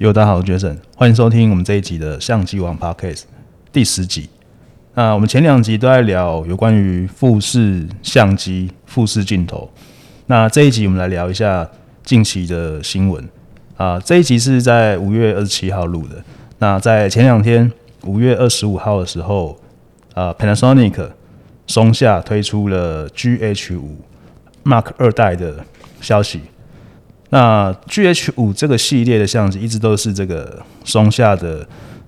Yo，大家好，我是 Jason，歡迎收聽我們這一集的相機王 Podcast 第十集。那我們前兩集都在聊有關於富士相機、富士鏡頭，那這一集我們來聊一下近期的新聞啊。這一集是在五月二十七號錄的。那在前兩天，五月二十五號的時候，啊，Panasonic 鬆下推出了 GH5 Mark 二代的消息。那 GH 五這個系列的相機一直都是這個松下的，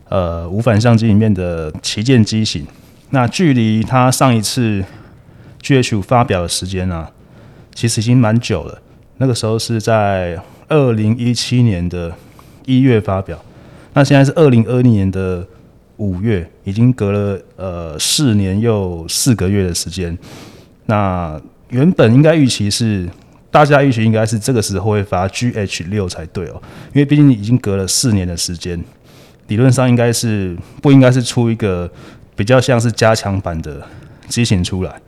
呃，無反相機裡面的旗艦機型。那距離它上一次 GH 五發表的時間呢，其實已經蠻久了。那個時候是在二零一七年的一月發表，那現在是二零二零年的五月，已經隔了呃四年又四個月的時間。那原本應該預期是。大家預期應該是這個時候會發 G H 六才對哦，因為畢竟已經隔了四年的時間，理論上應該是不應該是出一個比較像是加強版的機型出來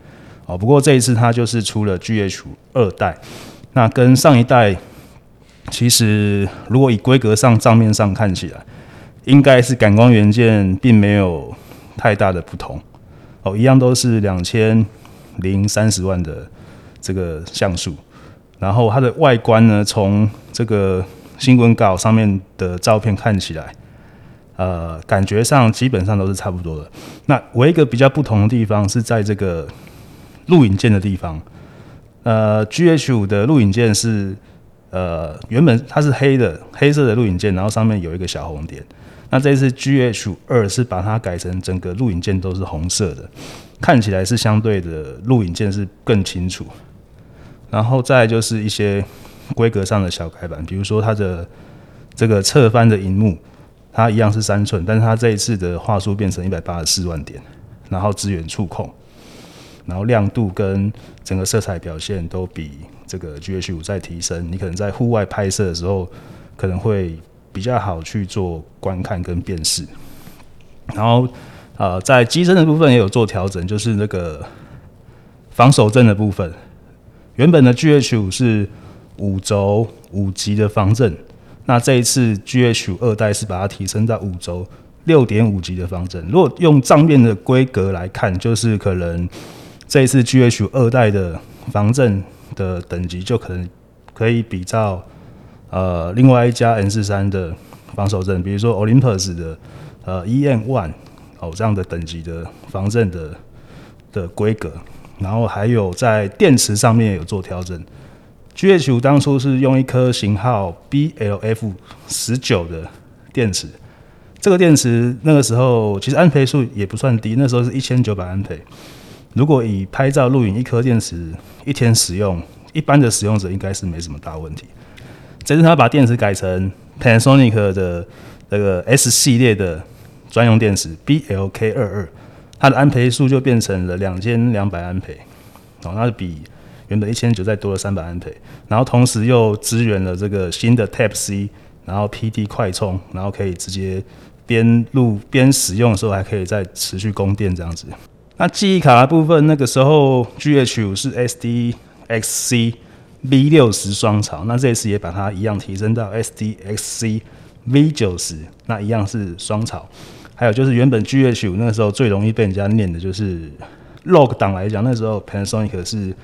哦。不過這一次它就是出了 G H 二代，那跟上一代其實如果以規格上賬面上看起來，應該是感光元件並沒有太大的不同哦，一樣都是兩千零三十萬的這個像素。然後它的外觀呢，從這個新聞稿上面的照片看起來，呃，感覺上基本上都是差不多的。那唯一一個比較不同的地方是在這個錄影鍵的地方，呃，G H 五的錄影鍵是呃原本它是黑的，黑色的錄影鍵，然後上面有一個小紅點。那這一次 G H 二是把它改成整個錄影鍵都是紅色的，看起來是相對的錄影鍵是更清楚。然後再就是一些規格上的小改版，比如說它的這個側翻的熒幕它一樣是三寸，但是它這一次的畫素變成一百八十四萬點，然後支援觸控，然後亮度跟整個色彩表現都比這個 GH5 在提升，你可能在戶外拍攝的時候可能會比較好去做觀看跟辨識。然後啊、呃，在機身的部分也有做調整，就是那個防手震的部分。原本的 GH 五是五軸五級的防震，那這一次 GH 五二代是把它提升到五軸六點五級的防震。如果用賬面的規格來看，就是可能這一次 GH 五二代的防震的等級就可能可以比照呃另外一家 M 四三的防手震，比如說 Olympus 的呃 EM one 哦，這樣的等級的防震的的規格。然後還有在電池上面有做調整。G H 五當初是用一顆型號 B L F 十九的電池，這個電池那個時候其實安培數也不算低，那時候是一千九百安培。如果以拍照錄影一顆電池一天使用，一般的使用者應該是沒什麼大問題。這是他把電池改成 Panasonic 的那個 S 系列的專用電池 B L K 二二。它的安培數就變成了兩千兩百安培，哦，那就比原本一千九再多了三百安培，然後同時又支援了這個新的 Type C，然後 PD 快充，然後可以直接邊錄邊使用的時候還可以再持續供電這樣子。那記憶卡的部分，那個時候 GH 五是 SDXC V 六十雙槽，那這次也把它一樣提升到 SDXC V 九十，那一樣是雙槽。還有就是，原本 GH 五那時候最容易被人家念的就是 log 檔來講，那時候 Panasonic 是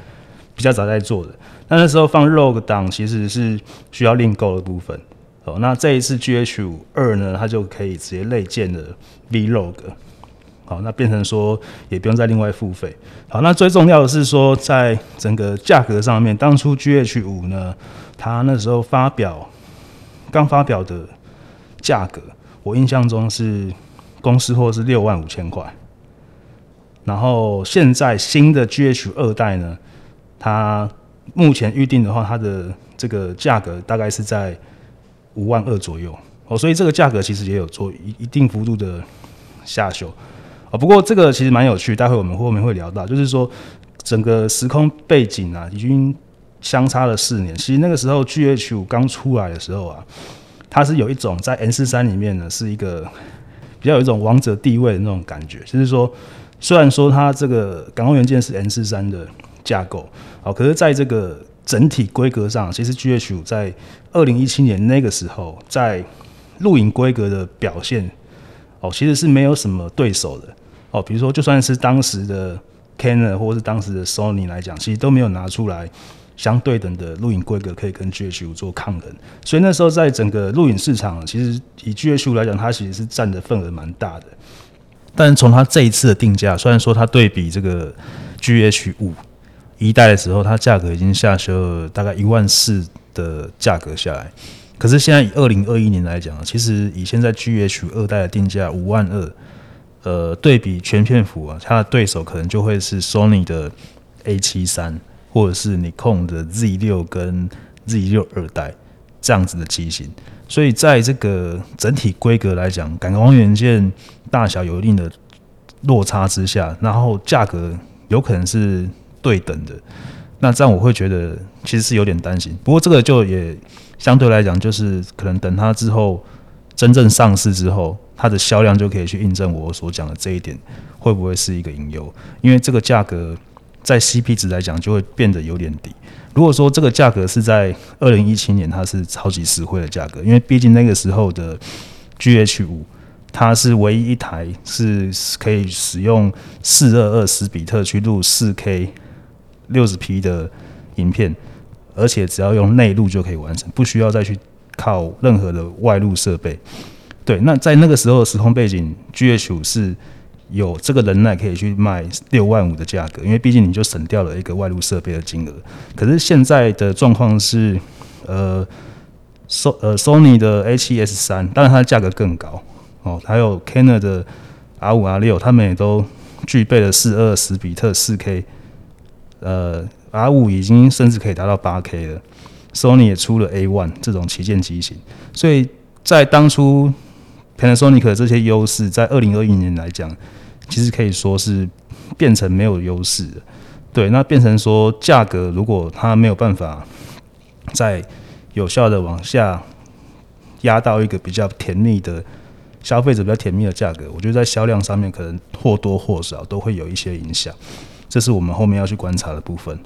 比較早在做的。那那時候放 log 檔其實是需要另購的部分。好，那這一次 GH 五二呢，它就可以直接內建了 Vlog。好，那變成說也不用再另外付費。好，那最重要的是說，在整個價格上面，當初 GH 五呢，它那時候發表剛發表的價格，我印象中是。公司或是六萬五千塊，然後現在新的 GH 二代呢，它目前預定的話，它的這個價格大概是在五萬二左右哦，所以這個價格其實也有做一一定幅度的下修哦。不過這個其實蠻有趣，待會我們後面會聊到，就是說整個時空背景啊，已經相差了四年。其實那個時候 GH 五剛出來的時候啊，它是有一種在 M 四三裡面呢是一個。比較有一種王者地位的那種感覺，就是說，雖然說它這個感光元件是 M 四三的架構，哦，可是在這個整體規格上，其實 GH 五在二零一七年那個時候，在錄影規格的表現，哦，其實是沒有什麼對手的，哦，比如說就算是當時的 Canon 或者是當時的 Sony 來講，其實都沒有拿出來。相對等的錄影規格可以跟 GH 五做抗衡，所以那時候在整個錄影市場，其實以 GH 五來講，它其實是占的份額蠻大的。但從它這一次的定價，雖然說它對比這個 GH 五一代的時候，它價格已經下修了大概一萬四的價格下來。可是現在以二零二一年來講，其實以現在 GH 五二代的定價五萬二，呃，對比全片幅啊，它的對手可能就會是 Sony 的 A 七三。或者是 Nikon 的 Z 六跟 Z 六二代這樣子的機型，所以在這個整體規格來講，感光元件大小有一定的落差之下，然後價格有可能是對等的，那這樣我會覺得其實是有點擔心。不過這個就也相對來講，就是可能等它之後真正上市之後，它的銷量就可以去印證我所講的這一點，會不會是一個隱憂？因為這個價格。在 CP 值來講，就會變得有點低。如果說這個價格是在二零一七年，它是超級實惠的價格，因為畢竟那個時候的 GH 五，它是唯一一台是可以使用四二二十比特去錄四 K 六十 P 的影片，而且只要用內錄就可以完成，不需要再去靠任何的外錄設備。對，那在那個時候的時空背景，GH 五是。有這個能耐可以去賣六萬五的價格，因為畢竟你就省掉了一個外錄設備的金額。可是現在的狀況是，呃，呃 Sony 的 A 七 S 三，當然它的價格更高哦，還有 Canon 的 R 五 R 六，它們也都具備了四二十比特四 K，呃，R 五已經甚至可以達到八 K 了。Sony 也出了 A one 這種旗艦機型，所以在當初，Panasonic 的這些優勢在二零二一年來講。其實可以說是變成沒有優勢的。對，那變成說價格如果它沒有辦法再有效的往下壓到一個比較甜蜜的消費者、比較甜蜜的價格，我覺得在銷量上面可能或多或少都會有一些影響，這是我們後面要去觀察的部分。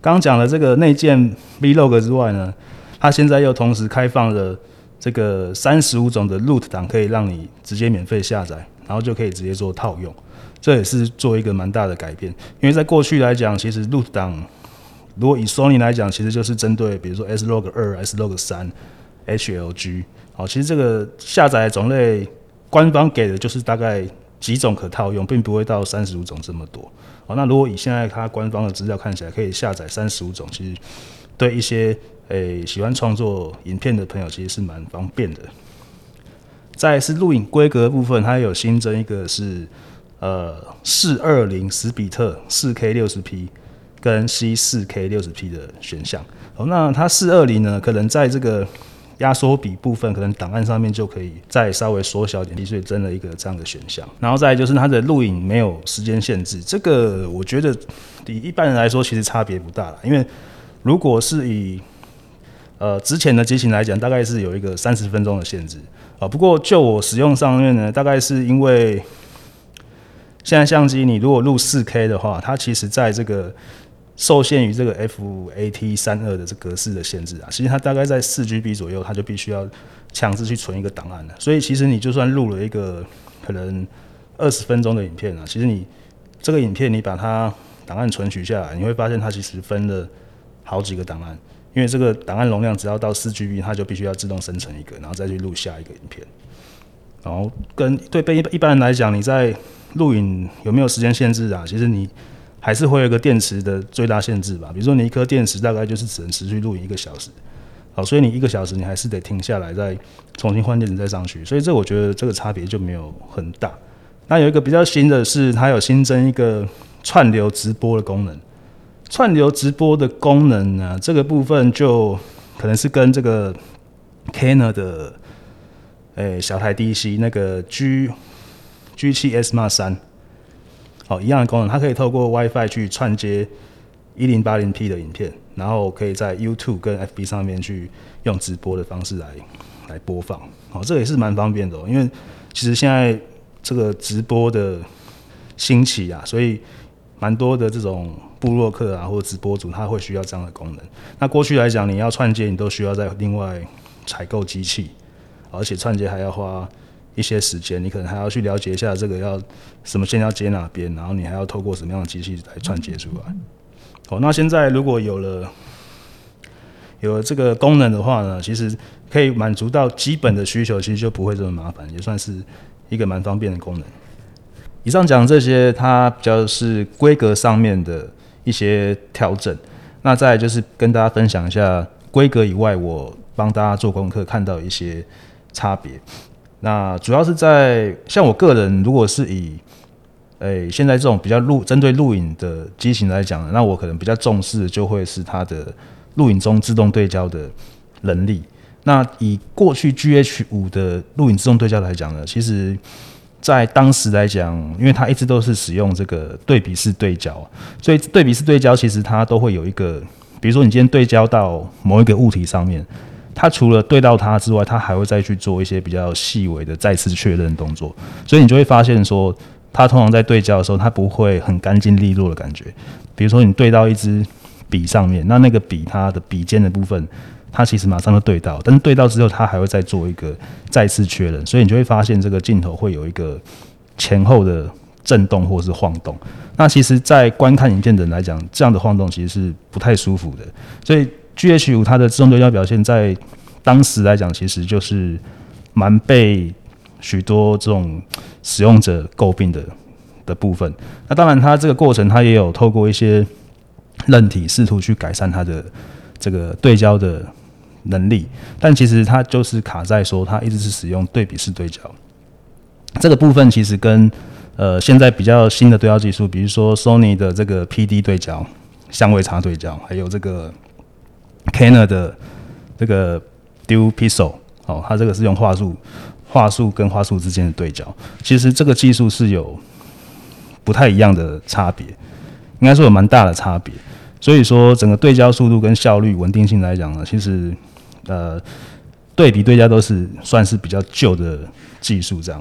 剛講了這個內建 Vlog 之外呢，它現在又同時開放了這個三十五種的 Root 檔，可以讓你直接免費下載。然後就可以直接做套用，這也是做一個蠻大的改變。因為在過去來講，其實 LUT 檔如果以 Sony 來講，其實就是針對比如說 S Log 二、S Log 三、HLG、哦。好，其實這個下載的種類官方給的就是大概幾種可套用，並不會到三十五種這麼多。好、哦，那如果以現在它官方的資料看起來可以下載三十五種，其實對一些誒喜歡創作影片的朋友，其實是蠻方便的。再來是錄影規格部分，它有新增一個是呃四二零十比特四 K 六十 P 跟 C 四 K 六十 P 的選項。哦，那它四二零呢，可能在這個壓縮比部分，可能檔案上面就可以再稍微縮小一點，所以增了一個這樣的選項。然後再來就是它的錄影沒有時間限制，這個我覺得以一般人來說其實差別不大啦，因為如果是以呃之前的機型來講，大概是有一個三十分鐘的限制。啊，不過就我使用上面呢，大概是因為現在相機你如果錄四 K 的話，它其實在這個受限於這個 FAT 三二的這格式的限制啊，其實它大概在四 GB 左右，它就必須要強制去存一個檔案了。所以其實你就算錄了一個可能二十分鐘的影片啊，其實你這個影片你把它檔案存取下來，你會發現它其實分了好幾個檔案。因為這個檔案容量只要到四 GB，它就必須要自動生成一個，然後再去錄下一個影片。然後跟對被一般一般人來講，你在錄影有沒有時間限制啊？其實你還是會有一個電池的最大限制吧。比如說你一顆電池大概就是只能持續錄影一個小時，好，所以你一個小時你還是得停下來再重新換電池再上去。所以這我覺得這個差別就沒有很大。那有一個比較新的是，它有新增一個串流直播的功能。串流直播的功能呢，這個部分就可能是跟這個 Canon 的誒小台 DC 那個 G G7S Mark、哦、三好一樣的功能，它可以透過 WiFi 去串接一零八零 P 的影片，然後可以在 YouTube 跟 FB 上面去用直播的方式來來播放。好、哦，這個、也是蠻方便的、哦，因為其實現在這個直播的興起啊，所以蠻多的這種。部落客啊，或者直播主，他會需要這樣的功能。那過去來講，你要串接，你都需要再另外採購機器，而且串接還要花一些時間，你可能還要去了解一下這個要什麼線要接哪邊，然後你還要透過什麼樣的機器來串接出來、嗯。好，那現在如果有了有了這個功能的話呢，其實可以滿足到基本的需求，其實就不會這麼麻煩，也算是一個蠻方便的功能。以上講這些，它比較是規格上面的一些調整，那再來就是跟大家分享一下規格以外，我幫大家做功課看到一些差別。那主要是在像我個人，如果是以誒、欸、現在這種比較錄針對錄影的機型來講，那我可能比較重視的就會是它的錄影中自動對焦的能力。那以過去 GH 五的錄影自動對焦來講呢，其實。在當時來講，因為它一直都是使用這個對比式對焦，所以對比式對焦其實它都會有一個，比如說你今天對焦到某一個物體上面，它除了對到它之外，它還會再去做一些比較細微的再次確認動作，所以你就會發現說，它通常在對焦的時候，它不會很乾淨利落的感覺。比如說你對到一支筆上面，那那個筆它的筆尖的部分。它其實馬上就對到，但是對到之後，它還會再做一個再次確認，所以你就會發現這個鏡頭會有一個前後的震動或是晃動。那其實，在觀看影片的人來講，這樣的晃動其實是不太舒服的。所以，GH5 它的自動對焦表現在當時來講，其實就是蠻被許多這種使用者詬病的的部分。那當然，它這個過程它也有透過一些韌體試圖去改善它的這個對焦的能力，但其實它就是卡在說，它一直是使用對比式對焦。這個部分其實跟呃現在比較新的對焦技術，比如說 Sony 的這個 PD 對焦、相位差對焦，還有這個 Canon 的這個 Dual Pixel 哦，它這個是用畫素、畫素跟畫素之間的對焦。其實這個技術是有不太一樣的差別，應該說有蠻大的差別。所以說整個對焦速度跟效率、穩定性來講呢，其實。呃，對比對焦都是算是比較舊的技術，這樣。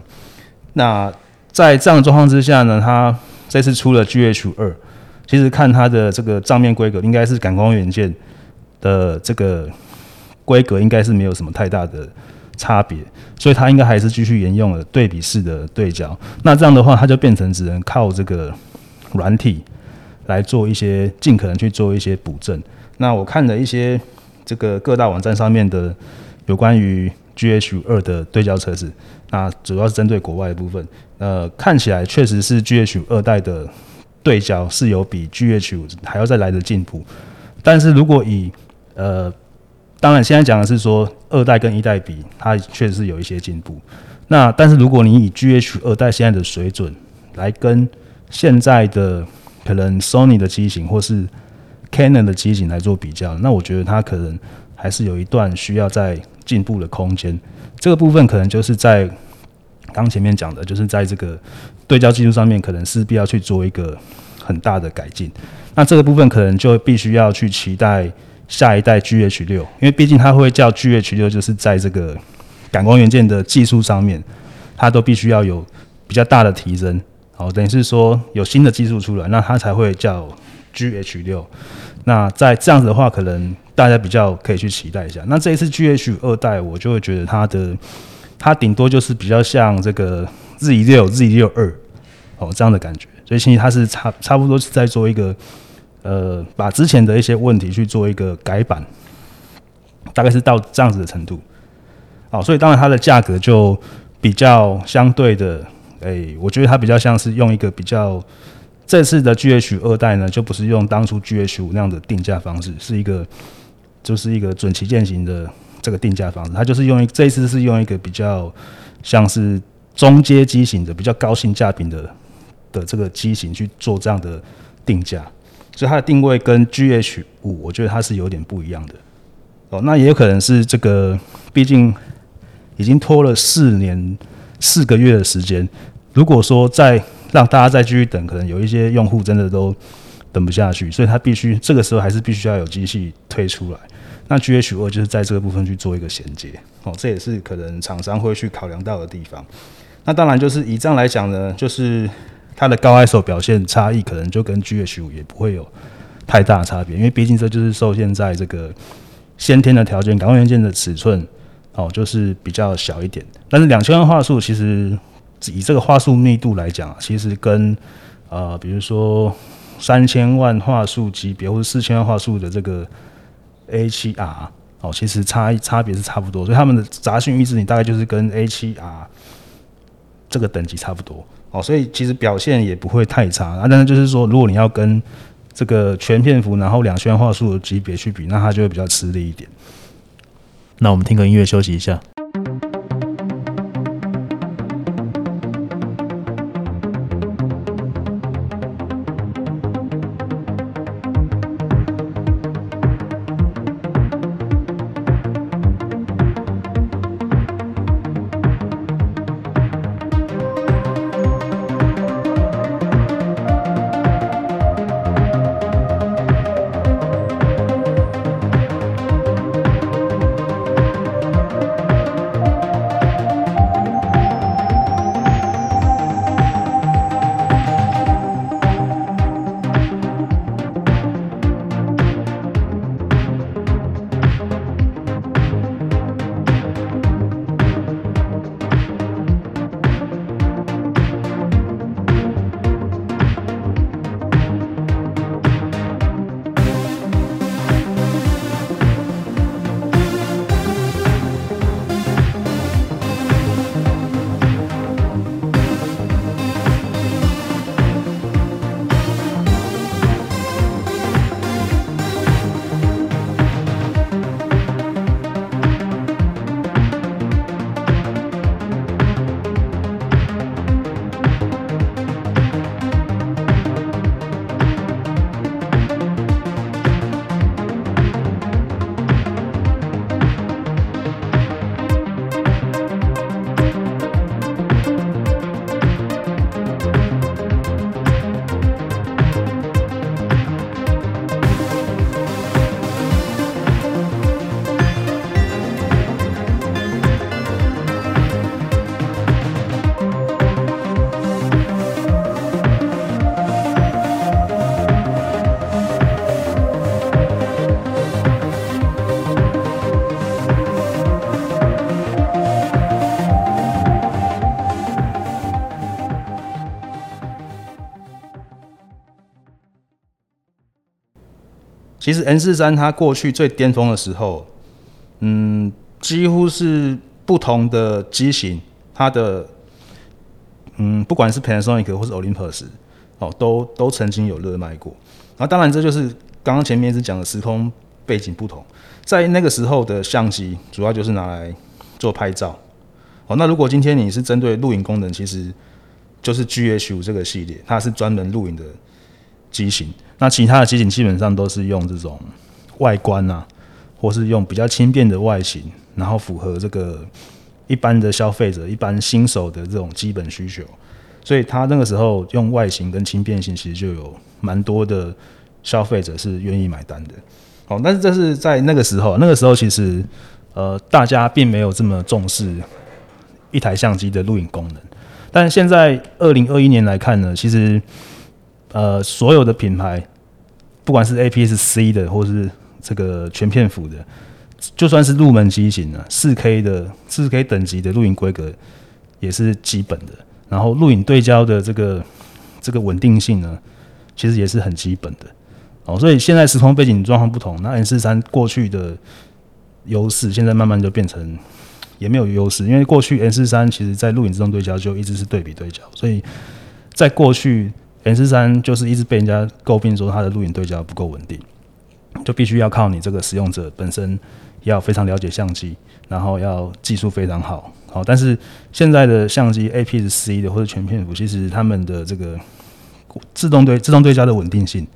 那在這樣的狀況之下呢，它這次出了 GH 二，其實看它的這個賬面規格，應該是感光元件的這個規格應該是沒有什麼太大的差別，所以它應該還是繼續沿用了對比式的對焦。那這樣的話，它就變成只能靠這個軟體來做一些盡可能去做一些補正。那我看了一些。這個各大網站上面的有關於 GH 二的對焦測試，那主要是針對國外的部分。呃，看起來確實是 GH 二代的對焦是有比 GH 五還要再來的進步。但是如果以呃，當然現在講的是說二代跟一代比，它確實是有一些進步。那但是如果你以 GH 二代現在的水準來跟現在的可能 Sony 的機型或是 Canon 的機型來做比較，那我覺得它可能還是有一段需要再進步的空間。這個部分可能就是在剛前面講的，就是在這個對焦技術上面，可能勢必要去做一個很大的改進。那這個部分可能就必須要去期待下一代 GH6，因為畢竟它會叫 GH6，就是在這個感光元件的技術上面，它都必須要有比較大的提升。好，等於是說有新的技術出來，那它才會叫。G H 六，那在這樣子的話，可能大家比較可以去期待一下。那這一次 G H 二代，我就會覺得它的它頂多就是比較像這個 Z 六 Z 六二哦這樣的感覺。所以其實它是差差不多是在做一個呃把之前的一些問題去做一個改版，大概是到這樣子的程度。哦，所以當然它的價格就比較相對的，誒、欸，我覺得它比較像是用一個比較。這次的 GH 二代呢，就不是用當初 GH 五那樣的定價方式，是一個，就是一個準旗艦型的這個定價方式。它就是用一這一次是用一個比較像是中階機型的，比較高性價比的的這個機型去做這樣的定價，所以它的定位跟 GH 五，我覺得它是有點不一樣的。哦，那也有可能是這個，畢竟已經拖了四年四個月的時間。如果說在讓大家再繼續等，可能有一些用戶真的都等不下去，所以他必須這個時候還是必須要有機器推出來。那 G H 二就是在這個部分去做一個銜接，哦，這也是可能廠商會去考量到的地方。那當然就是以這樣來講呢，就是它的高 ISO 表現差異，可能就跟 G H 五也不會有太大的差別，因為畢竟這就是受限在這個先天的條件，感光元件的尺寸哦，就是比較小一點。但是兩千萬畫素其實。以這個畫素密度來講，啊，其實跟呃，比如說三千萬畫素級別或者四千萬畫素的這個 A7R 哦，其實差差別是差不多，所以他們的雜訊抑制力大概就是跟 A7R 這個等級差不多哦，所以其實表現也不會太差啊。但是就是說，如果你要跟這個全片幅然後兩千萬畫素的級別去比，那它就會比較吃力一點。那我們聽個音樂休息一下。其實 M 四三它過去最巔峰的時候，嗯，幾乎是不同的機型，它的嗯，不管是 Panasonic 或是 Olympus，哦，都都曾經有熱賣過。那、啊、當然這就是剛剛前面一直講的時空背景不同，在那個時候的相機主要就是拿來做拍照。哦，那如果今天你是針對錄影功能，其實就是 GH 五這個系列，它是專門錄影的。機型，那其他的機型基本上都是用這種外觀啊，或是用比較輕便的外形，然後符合這個一般的消費者、一般新手的這種基本需求，所以他那個時候用外形跟輕便性，其實就有蠻多的消費者是願意買單的。好、哦，但是這是在那個時候、啊，那個時候其實呃，大家並沒有這麼重視一台相機的錄影功能，但現在二零二一年來看呢，其實。呃，所有的品牌，不管是 APS-C 的，或是這個全片幅的，就算是入門機型、啊、的四 K 的四 K 等級的錄影規格，也是基本的。然後錄影對焦的這個這個穩定性呢，其實也是很基本的。哦，所以現在時空背景狀況不同，那 M 四三過去的優勢，現在慢慢就變成也沒有優勢，因為過去 M 四三其實在錄影之中對焦就一直是對比對焦，所以在過去。M 四三就是一直被人家詬病說它的錄影對焦不夠穩定，就必須要靠你這個使用者本身要非常了解相機，然後要技術非常好。好，但是現在的相機 APS-C 的或者全片幅，其實他們的這個自動對自動對焦的穩定性，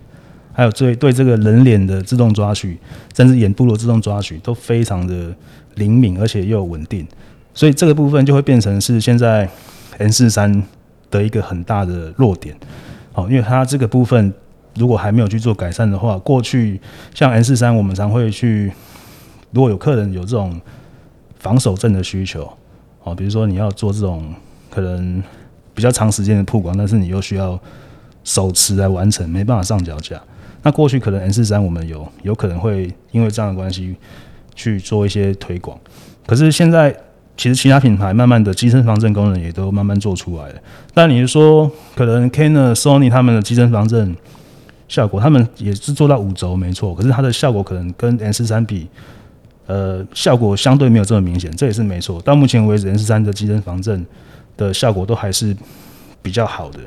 還有對對這個人臉的自動抓取，甚至眼部的自動抓取，都非常的靈敏而且又穩定。所以這個部分就會變成是現在 M 四三的一個很大的弱點。哦，因為它這個部分如果還沒有去做改善的話，過去像 M43 我們常會去，如果有客人有這種防手震的需求，哦，比如說你要做這種可能比較長時間的曝光，但是你又需要手持來完成，沒辦法上腳架，那過去可能 M43 我們有有可能會因為這樣的關係去做一些推廣，可是現在。其實其他品牌慢慢的機身防震功能也都慢慢做出來了，但你是說可能 Canon Sony 他們的機身防震效果，他們也是做到五軸沒錯，可是它的效果可能跟 S 三比，呃，效果相對沒有這麼明顯，這也是沒錯。到目前為止，S 三的機身防震的效果都還是比較好的。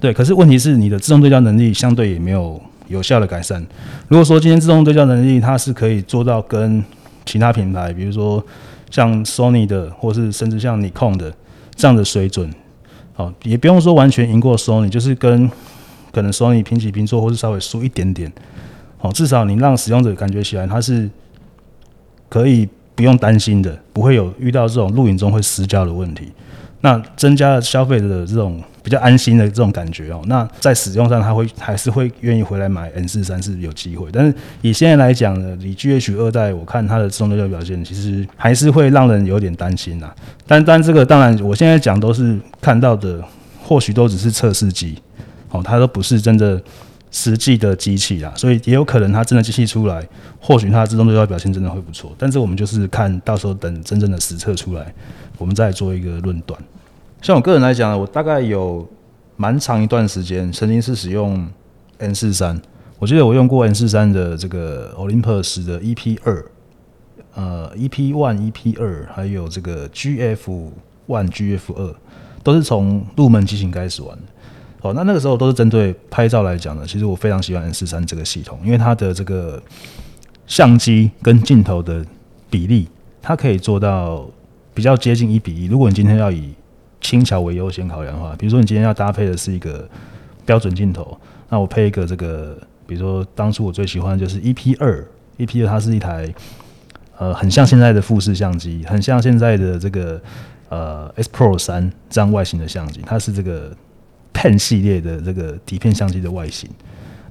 對，可是問題是你的自動對焦能力相對也沒有有效的改善。如果說今天自動對焦能力它是可以做到跟其他品牌，比如說。像 Sony 的，或是甚至像 Nikon 的這樣的水準，好，也不用說完全贏過 Sony，就是跟可能 Sony 平起平坐，或是稍微輸一點點，好，至少你讓使用者感覺起來，他是可以不用擔心的，不會有遇到這種錄影中會失焦的問題。那增加了消費者的這種比較安心的這種感覺哦，那在使用上他會還是會願意回來買 M43 是有機會？但是以現在來講呢，你 G H 二代，我看它的自動對焦表現其實還是會讓人有點擔心啊。但但這個當然，我現在講都是看到的，或許都只是測試機，哦，它都不是真的實際的機器啊，所以也有可能它真的機器出來，或許它自動對焦表現真的會不錯。但是我們就是看到時候等真正的實測出來。我們再做一個論斷。像我個人來講呢，我大概有蠻長一段時間，曾經是使用 M 四三。我記得我用過 M 四三的這個 Olympus 的 E P 二，呃，E P one E P 二，還有這個 G F one G F 二，都是從入門機型開始玩的好，哦，那那個時候都是針對拍照來講的。其實我非常喜歡 M 四三這個系統，因為它的這個相機跟鏡頭的比例，它可以做到。比較接近一比一。如果你今天要以輕巧為優先考量的話，比如說你今天要搭配的是一個標準鏡頭，那我配一個這個，比如說當初我最喜歡的就是 EP 二，EP 二它是一台，呃，很像現在的富士相機，很像現在的這個呃 X Pro 三這樣外形的相機，它是這個 Pen 系列的這個底片相機的外形。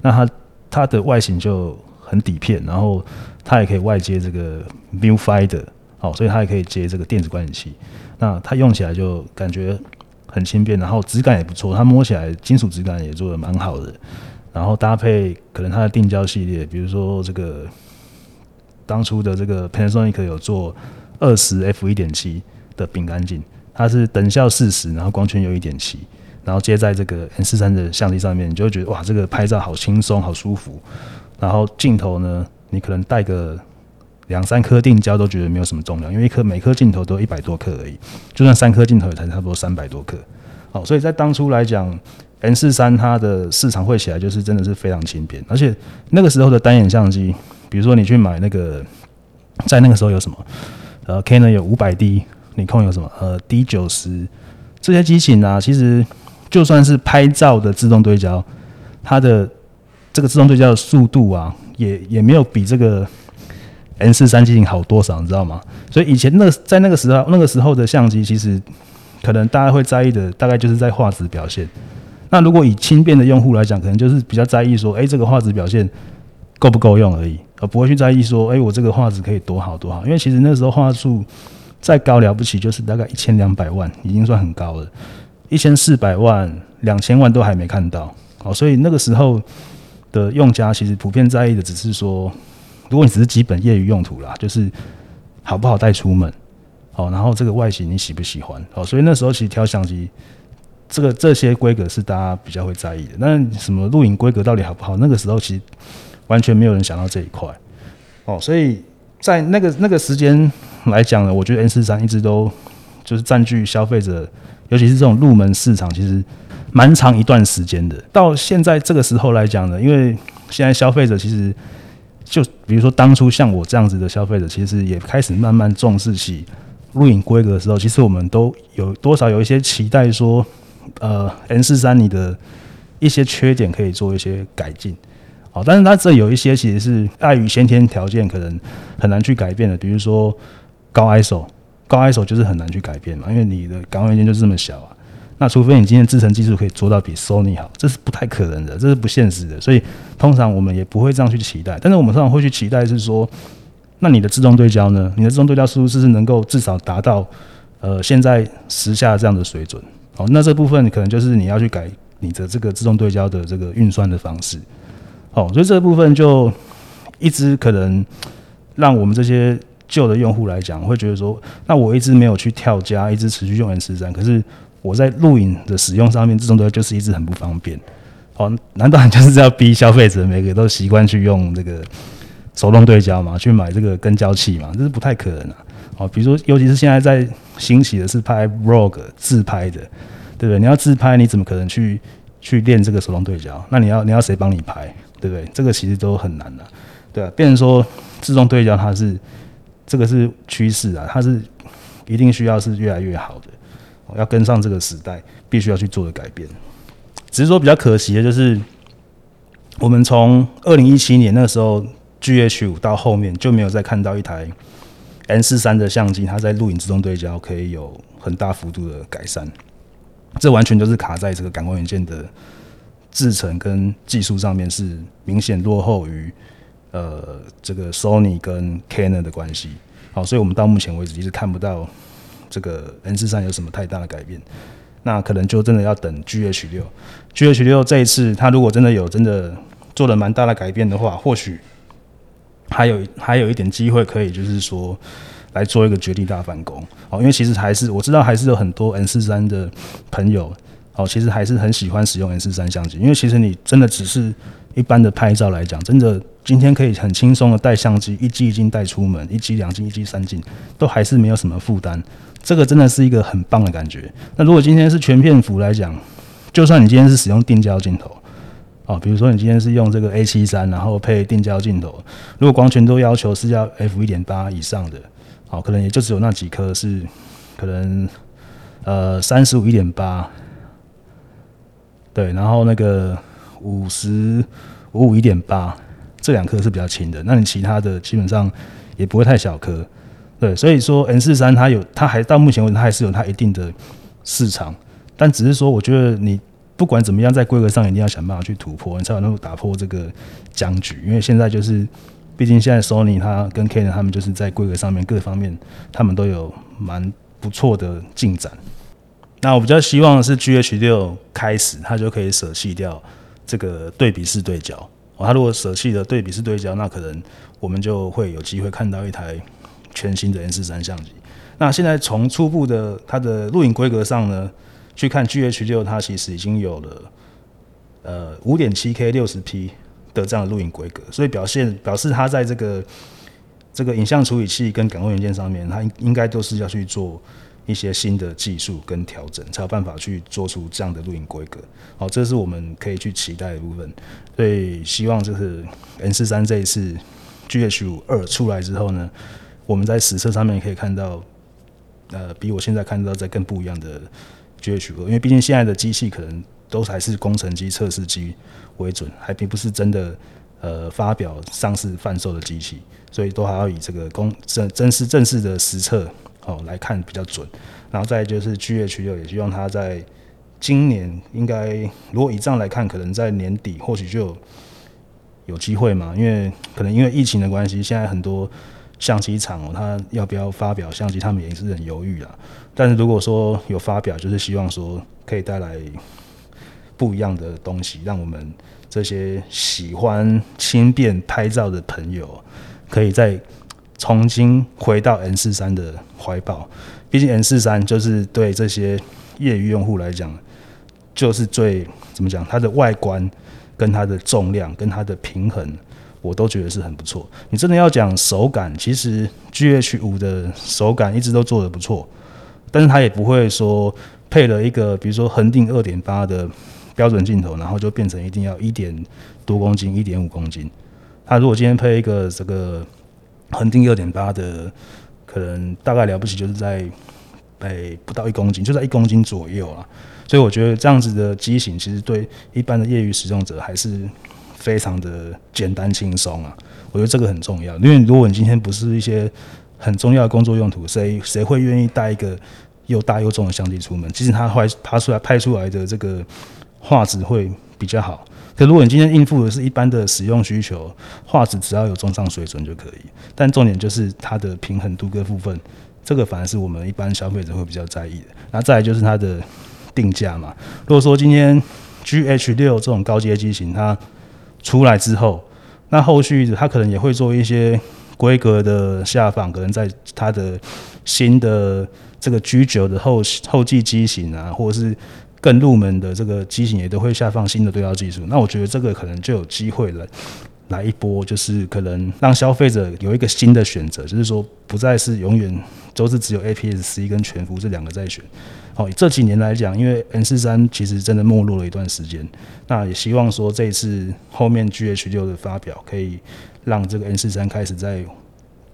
那它它的外形就很底片，然後它也可以外接這個 Viewfinder 哦，所以它也可以接這個電子觀景器，那它用起來就感覺很輕便，然後質感也不錯，它摸起來金屬質感也做得蠻好的。然後搭配可能它的定焦系列，比如說這個當初的這個 Panasonic 有做二十 F 一點七的餅乾鏡，它是等效四十，然後光圈有一點七，然後接在這個 M43 的相機上面，你就會覺得哇，這個拍照好輕鬆，好舒服。然後鏡頭呢，你可能帶個兩三顆定焦都覺得沒有什麼重量，因為一顆每顆鏡頭都一百多克而已，就算三顆鏡頭也才差不多三百多克。好，所以在當初來講，N 四三它的市場會起來，就是真的是非常輕便。而且那個時候的單眼相機，比如說你去買那個，在那個時候有什麼？呃 k 呢有五百 D，你控有什麼？呃，D 九十這些機型啊，其實就算是拍照的自動對焦，它的這個自動對焦的速度啊，也也沒有比這個。M43 機型好多少，你知道嗎？所以以前那個在那個時候，那個時候的相機其實可能大家會在意的，大概就是在畫質表現。那如果以輕便的用戶來講，可能就是比較在意說，誒，這個畫質表現夠不夠用而已，而不會去在意說，誒，我這個畫質可以多好多好。因為其實那時候畫素再高了不起，就是大概一千兩百萬已經算很高了，一千四百萬、兩千萬都還沒看到。哦，所以那個時候的用家其實普遍在意的只是說，如果你只是基本業餘用途啦，就是好不好帶出門，哦，然後這個外形你喜不喜歡，哦，所以那時候其實挑相機，這個這些規格是大家比較會在意的。那什麼錄影規格到底好不好？那個時候其實完全沒有人想到這一塊，哦，所以在那個那個時間來講呢，我覺得 M43 一直都就是佔據消費者，尤其是這種入門市場，其實蠻長一段時間的。到現在這個時候來講呢，因為現在消費者其實。就比如說，當初像我這樣子的消費者，其實也開始慢慢重視起錄影規格的時候，其實我們都有多少有一些期待，說，呃，M43 你的一些缺點可以做一些改進，好，但是它這有一些其實是礙於先天條件，可能很難去改變的，比如說高 ISO，高 ISO 就是很難去改變嘛，因為你的感光元件就是這麼小啊。那除非你今天製程技術可以做到比索尼好，這是不太可能的，這是不現實的。所以通常我們也不會這樣去期待。但是我們通常會去期待是說，那你的自動對焦呢？你的自動對焦輸入是不是能夠至少達到呃現在時下這樣的水準？好、哦，那這部分可能就是你要去改你的這個自動對焦的這個運算的方式。好、哦，所以這部分就一直可能讓我們這些舊的用戶來講會覺得說，那我一直沒有去跳加，一直持續用人十三，可是。我在錄影的使用上面，自動對焦就是一直很不方便。哦，難道你就是要逼消費者每個都習慣去用這個手動對焦嘛？去買這個跟焦器嘛？這是不太可能的啊。哦，比如說，尤其是現在在興起的是拍 vlog 自拍的，對不對？你要自拍，你怎麼可能去去練這個手動對焦？那你要你要誰幫你拍？對不對？這個其實都很難的啊。對啊，變成說自動對焦它是這個是趨勢啊，它是一定需要是越來越好的。要跟上這個時代，必須要去做的改變。只是說比較可惜的就是，我們從二零一七年那個時候 GH 五到後面就沒有再看到一台 M 四三的相機，它在錄影自動對焦可以有很大幅度的改善。這完全就是卡在這個感光元件的製程跟技術上面，是明顯落後於呃這個 Sony 跟 Canon 的關係。好，所以我們到目前為止一直看不到。這個 M43 有什麼太大的改變？那可能就真的要等 GH6。GH6 這一次，它如果真的有真的做了蠻大的改變的話，或許還有還有一點機會可以，就是說，來做一個絕地大反攻。哦。因為其實還是我知道，還是有很多 M43 的朋友哦，其實還是很喜歡使用 M43 相機，因為其實你真的只是。一般的拍照來講，真的今天可以很輕鬆的帶相機，一機一鏡帶出門，一機兩鏡，一機三鏡，都還是沒有什麼負擔。這個真的是一個很棒的感覺。那如果今天是全片幅來講，就算你今天是使用定焦鏡頭，哦，比如說你今天是用這個 A 七三，然後配定焦鏡頭，如果光圈都要求是要 F 一點八以上的，哦，可能也就只有那幾顆是，可能呃三十五一點八，對，然後那個。五十五五一點八，這兩顆是比較輕的。那你其他的基本上也不會太小顆，對。所以說，M 四三它有，它還到目前為止它還是有它一定的市場，但只是說，我覺得你不管怎麼樣，在規格上一定要想辦法去突破，你才有能夠打破這個僵局。因為現在就是，畢竟現在 Sony 它跟 Canon 他們就是在規格上面各方面，他們都有蠻不錯的進展。那我比較希望的是 GH 六開始，它就可以捨棄掉。這個對比式對焦，哦，它如果舍棄了對比式對焦，那可能我們就會有機會看到一台全新的 M43 相機。那現在從初步的它的錄影規格上呢，去看 GH6，它其實已經有了呃五點七 K 六十 P 的這樣的錄影規格，所以表現表示它在這個這個影像處理器跟感光元件上面，它應應該都是要去做。一些新的技術跟調整，才有辦法去做出這樣的錄影規格。好，這是我們可以去期待的部分。所以希望就是 M 四三這一次 G H 五二出來之後呢，我們在實測上面也可以看到，呃，比我現在看到再更不一樣的 G H 五二。因為畢竟現在的機器可能都還是工程機、測試機為準，還並不是真的呃發表上市販售的機器，所以都還要以這個公正正式正式的實測。來看比較準，然後再就是 GH6，也希望他在今年應該，如果以這樣來看，可能在年底或許就有，有機會嘛，因為可能因為疫情的關係，現在很多相機廠哦，他要不要發表相機，他們也是很猶豫啊。但是如果說有發表，就是希望說可以帶來不一樣的東西，讓我們這些喜歡輕便拍照的朋友，可以在。重新回到 M 四三的懷抱，畢竟 M 四三就是對這些業餘用戶來講，就是最怎麼講？它的外觀、跟它的重量、跟它的平衡，我都覺得是很不錯。你真的要講手感，其實 GH 五的手感一直都做得不錯，但是它也不會說配了一個比如說恆定二點八的標準鏡頭，然後就變成一定要一點多公斤、一點五公斤。它如果今天配一個這個。恆定2.8的，可能大概了不起就是在，在，哎不到一公斤，就在一公斤左右啊。所以我覺得這樣子的機型，其實對一般的業餘使用者還是非常的簡單輕鬆啊。我覺得這個很重要，因為如果你今天不是一些很重要的工作用途，誰誰會願意帶一個又大又重的相機出門？即使它拍它出來拍出來的這個畫質會比較好。可如果你今天應付的是一般的使用需求，畫質只要有中上水準就可以。但重點就是它的平衡度各部分，這個反而是我們一般消費者會比較在意的。那再來就是它的定價嘛。如果說今天 GH6 這種高階機型它出來之後，那後續它可能也會做一些規格的下放，可能在它的新的這個 G9 的後後繼機型啊，或者是。更入門的這個機型也都會下放新的對焦技術，那我覺得這個可能就有機會了，來一波就是可能讓消費者有一個新的選擇，就是說不再是永遠都是只有 APS-C 跟全幅這兩個在選。好，這幾年來講，因為 M43 其實真的沒落了一段時間，那也希望說這一次後面 GH6 的發表可以讓這個 M43 開始在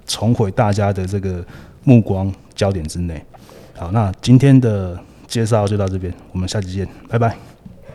重回大家的這個目光焦點之內。好，那今天的。介紹就到這邊，我們下期見，拜拜。